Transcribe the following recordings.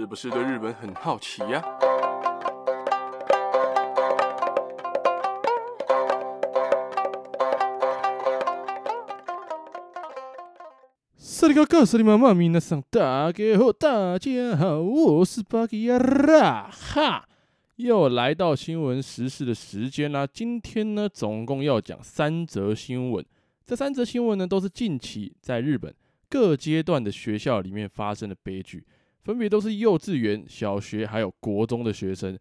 是不是對日本很好奇呀？Hello，大家好，我是巴基亞，哈，又來到新聞時事的時間啦。今天呢，總共要講三則新聞。這三則新聞呢，都是近期在日本各階段的學校裡面發生的悲劇。分別都是幼稚園、小學還有國中的學生，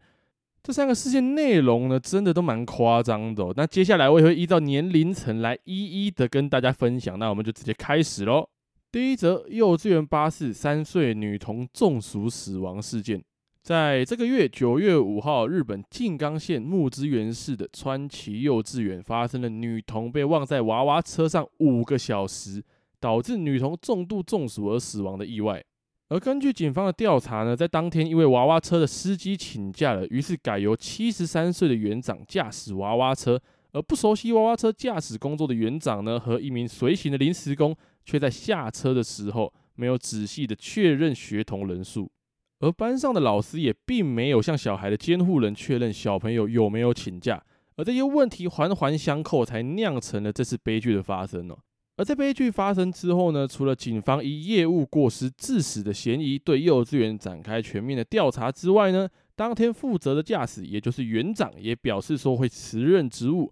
這三個事件內容呢，真的都蠻誇張的哦。那接下來我也會依照年齡層來一一的跟大家分享。那我們就直接開始嘍。第一則，幼稚園巴士三歲女童中暑死亡事件。在這個月九月五號，日本靜岡縣牧之原市的川崎幼稚園發生了女童被忘在娃娃車上五個小時，導致女童重度中暑而死亡的意外。而根據警方的調查呢，在當天，一位娃娃車的司機請假了，於是改由七十三歲的園長駕駛娃娃車。而不熟悉娃娃車駕駛工作的園長呢，和一名隨行的臨時工，卻在下車的時候沒有仔細的確認學童人數。而班上的老師也並沒有向小孩的監護人確認小朋友有沒有請假。而這些問題環環相扣，才釀成了這次悲劇的發生哦。而在悲劇發生之後呢，除了警方以業務過失致死的嫌疑對幼稚園展開全面的調查之外呢，當天負責的駕駛，也就是園長也表示說會辭任職務，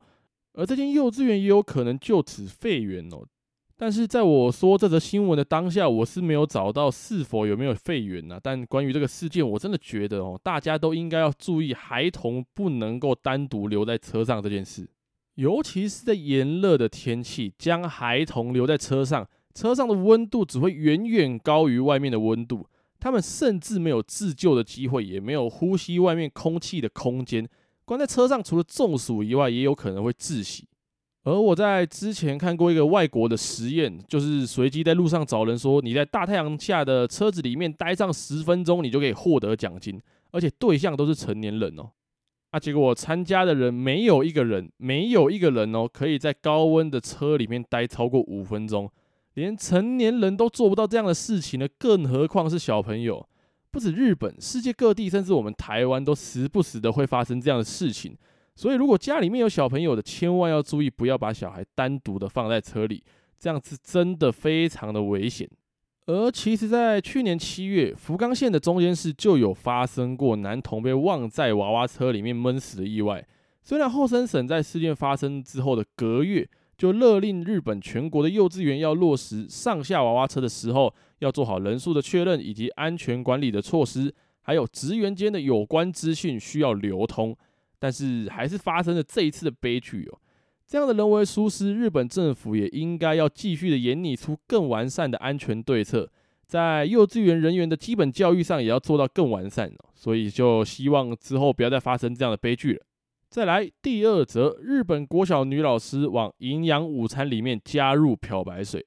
而這間幼稚園也有可能就此廢園哦。但是在我說這則新聞的當下，我是沒有找到是否有沒有廢園呢？但關於這個事件，我真的覺得哦，大家都應該要注意，孩童不能夠單獨留在車上這件事。尤其是在炎熱的天氣，將孩童留在車上，車上的溫度只會遠遠高於外面的溫度。他們甚至沒有自救的機會，也沒有呼吸外面空氣的空間。關在車上，除了中暑以外，也有可能會窒息。而我在之前看過一個外國的實驗，就是隨機在路上找人說：“你在大太陽下的車子裡面待上十分鐘，你就可以獲得獎金。”而且對象都是成年人哦。啊！結果我參加的人沒有一個人，沒有一個人哦，可以在高溫的車裡面待超過五分鐘，連成年人都做不到這樣的事情呢，更何況是小朋友。不止日本，世界各地，甚至我們台灣，都時不時的會發生這樣的事情。所以，如果家裡面有小朋友的，千萬要注意，不要把小孩單獨的放在車裡，這樣子真的非常的危險。而其實，在去年七月，福岡縣的中間市就有發生過男童被忘在娃娃車裡面悶死的意外。雖然厚生省在事件發生之後的隔月就勒令日本全國的幼稚園要落實上下娃娃車的時候要做好人數的確認以及安全管理的措施，還有職員間的有關資訊需要流通，但是還是發生了這一次的悲劇哦。這樣的人為疏失，日本政府也應該要繼續的研擬出更完善的安全對策，在幼稚園人員的基本教育上也要做到更完善，所以就希望之後不要再發生這樣的悲劇了。再來第二則，日本國小女老師往營養午餐裡面加入漂白水。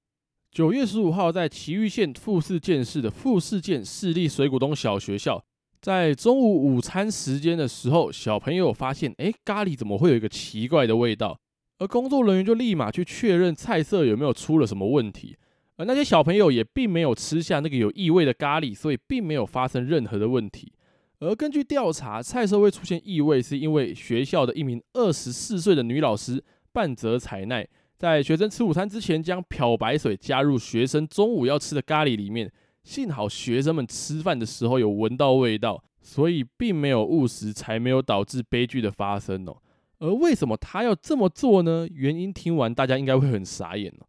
九月十五號，在埼玉縣富士見市的富士見市立水谷東小學校，在中午午餐時間的時候，小朋友發現，哎，咖喱怎麼會有一個奇怪的味道？而工作人員就立馬去確認菜色有沒有出了什麼問題，而那些小朋友也並沒有吃下那個有異味的咖喱，所以並沒有發生任何的問題。而根據調查，菜色會出現異味，是因為學校的一名二十四歲的女老師半澤彩奈，在學生吃午餐之前將漂白水加入學生中午要吃的咖喱裡面。幸好學生們吃飯的時候有聞到味道，所以並沒有誤食，才沒有導致悲劇的發生哦。而為什麼他要這麼做呢？原因聽完，大家應該會很傻眼哦。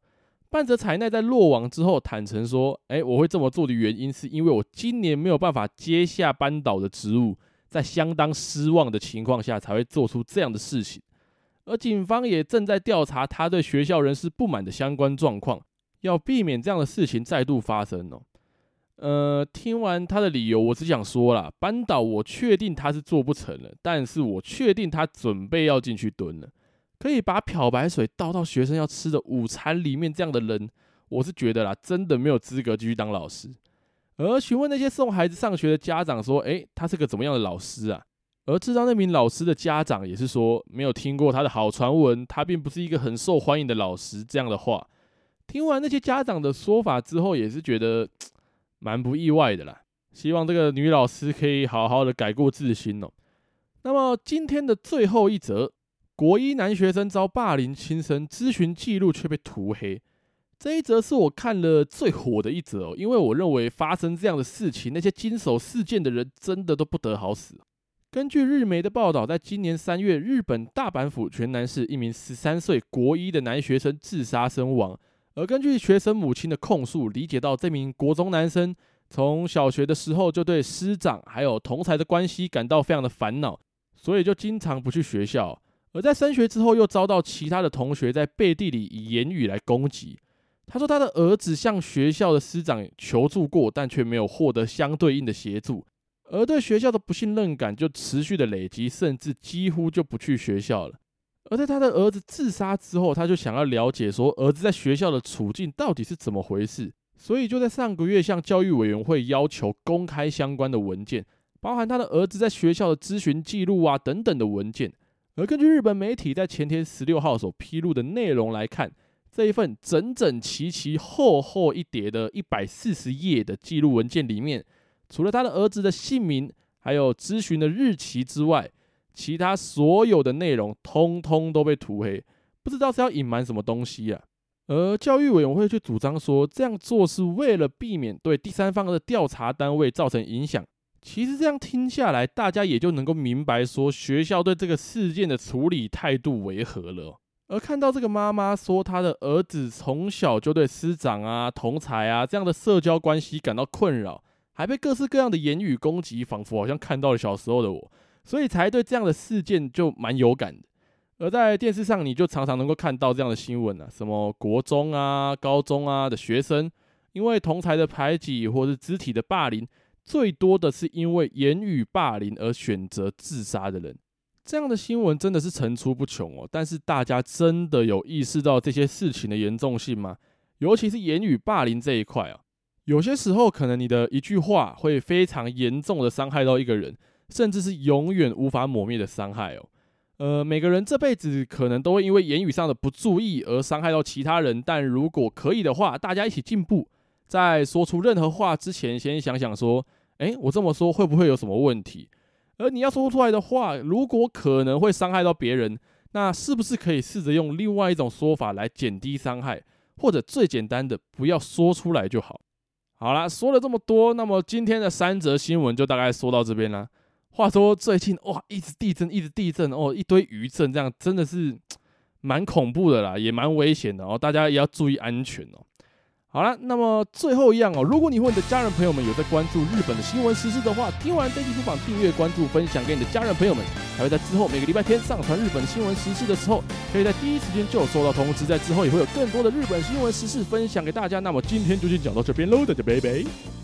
伴者才奈在落網之後坦誠說：“哎，我會這麼做的原因，是因為我今年沒有辦法接下班導的職務，在相當失望的情況下，才會做出這樣的事情。”而警方也正在調查他對學校人事不滿的相關狀況，要避免這樣的事情再度發生哦。呃，聽完他的理由，我只想說啦，班導我確定他是做不成了，但是我確定他準備要進去蹲了。可以把漂白水倒到學生要吃的午餐裡面，這樣的人，我是覺得啦，真的沒有資格繼續當老師。而詢問那些送孩子上學的家長說，誒，他是個怎麼樣的老師啊？而知道那名老師的家長也是說，沒有聽過他的好傳聞，他並不是一個很受歡迎的老師。這樣的話，聽完那些家長的說法之後，也是覺得。蠻不意外的啦，希望這個女老師可以好好的改過自新哦。那麼今天的最後一則，國一男學生遭霸凌輕生，諮詢記錄卻被塗黑。這一則是我看了最火的一則哦，因為我認為發生這樣的事情，那些經手事件的人真的都不得好死。根據日媒的報道，在今年三月，日本大阪府泉南市一名十三歲國一的男學生自殺身亡。而根據學生母親的控訴，理解到這名國中男生從小學的時候就對師長還有同儕的關係感到非常的煩惱，所以就經常不去學校。而在升學之後，又遭到其他的同學在背地裡以言語來攻擊。他說，他的兒子向學校的師長求助過，但卻沒有獲得相對應的協助，而對學校的不信任感就持續的累積，甚至幾乎就不去學校了。而在他的兒子自殺之後，他就想要了解說兒子在學校的處境到底是怎麼回事，所以就在上個月向教育委員會要求公開相關的文件，包含他的兒子在學校的諮詢記錄啊等等的文件。而根據日本媒體在前天十六號所披露的內容來看，這一份整整齊齊、厚厚一疊的一百四十頁的記錄文件裡面，除了他的兒子的姓名還有諮詢的日期之外，其他所有的內容通通都被塗黑，不知道是要隱瞞什麼東西啊。而、呃、教育委員會卻主張說，這樣做是為了避免對第三方的調查單位造成影響。其實這樣聽下來，大家也就能夠明白說，說學校對這個事件的處理態度為何了。而看到這個媽媽說，她的兒子從小就對師長啊、同儕啊這樣的社交關係感到困擾，還被各式各樣的言語攻擊，仿佛好像看到了小時候的我。所以才對這樣的事件就蠻有感的，而在電視上，你就常常能夠看到這樣的新聞啊，什麼國中啊、高中啊的學生，因為同儕的排擠或是肢體的霸凌，最多的是因為言語霸凌而選擇自殺的人，這樣的新聞真的是層出不窮哦。但是大家真的有意識到這些事情的嚴重性嗎？尤其是言語霸凌這一塊啊，有些時候可能你的一句話會非常嚴重的傷害到一個人。甚至是永遠無法抹滅的傷害哦。呃，每個人這輩子可能都會因為言語上的不注意而傷害到其他人，但如果可以的話，大家一起進步，在說出任何話之前，先想想說，誒、欸，我這麼說會不會有什麼問題？而你要說出來的話，如果可能會傷害到別人，那是不是可以試着用另外一種說法來減低傷害？或者最簡單的，不要說出來就好。好啦，說了這麼多，那麼今天的三則新聞就大概說到這邊啦。話說最近哇，一直地震，一直地震哦，一堆餘震，這樣真的是蠻恐怖的啦，也蠻危險的哦，大家也要注意安全哦。好了，那麼最後一樣哦，如果你和你的家人朋友們有在關注日本的新聞時事的話，聽完這期不妨訂閱、關注、分享給你的家人朋友們，還會在之後每個禮拜天上傳日本的新聞時事的時候，可以在第一時間就收到通知。在之後也會有更多的日本新聞時事分享給大家。那麼今天就先講到這邊嘍，大家拜拜。